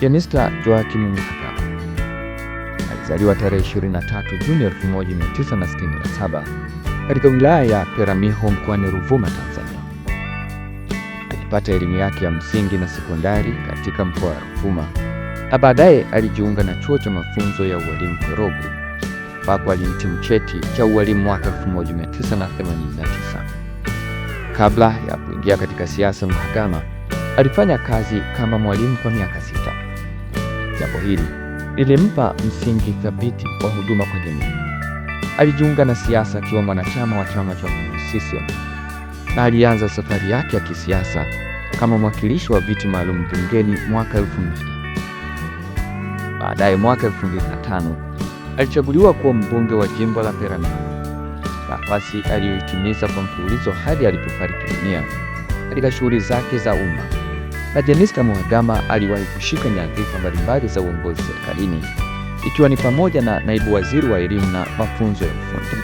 Pianista Joakim Mkapa alizaliwa tarehe 23 Juni 1967 katika wilaya ya Peramiho mkoani Ruvuma, Tanzania. Alipata elimu yake ya msingi na sekondari katika mkoa wa Ruvuma na baadaye alijiunga na chuo cha mafunzo ya ualimu Korogwe ambako alihitimu cheti cha ualimu mwaka 1989. Kabla ya kuingia katika siasa na mahakama, alifanya kazi kama mwalimu kwa miaka sita. Jambo hili lilimpa msingi thabiti wa huduma kwa jamii. Alijiunga na siasa akiwa mwanachama wa chama cha CCM na alianza safari yake ya kisiasa kama mwakilishi wa viti maalum bungeni mwaka 2000. Baadaye mwaka 2005 Alichaguliwa kuwa mbunge wa jimbo la Peramiho, nafasi aliyoitimiza kwa mfululizo hadi alipofariki dunia. Katika shughuli zake za umma, Evarista Mhagama aliwahi kushika nyadhifa mbalimbali za uongozi serikalini, ikiwa ni pamoja na naibu waziri wa elimu na mafunzo ya ufundi,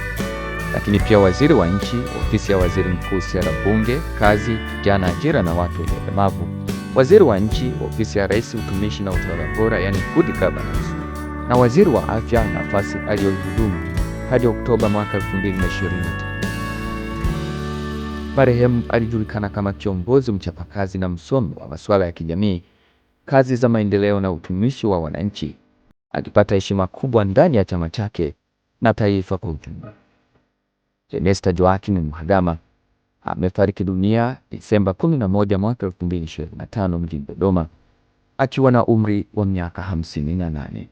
lakini pia waziri wa nchi, ofisi ya waziri mkuu, sera, bunge, kazi, vijana, ajira na watu wenye ulemavu, waziri wa nchi, ofisi ya rais, utumishi na utawala bora, yani good governance na waziri wa afya, nafasi aliyoihudumu hadi Oktoba mwaka 2020. Marehemu alijulikana kama kiongozi mchapakazi na msomi wa masuala ya kijamii, kazi za maendeleo na utumishi wa wananchi. akipata heshima kubwa ndani ya chama chake na taifa kwa ujumla. Jenista Joakim Mhagama amefariki dunia Desemba 11 mwaka 2025 mjini Dodoma akiwa na umri wa miaka 58.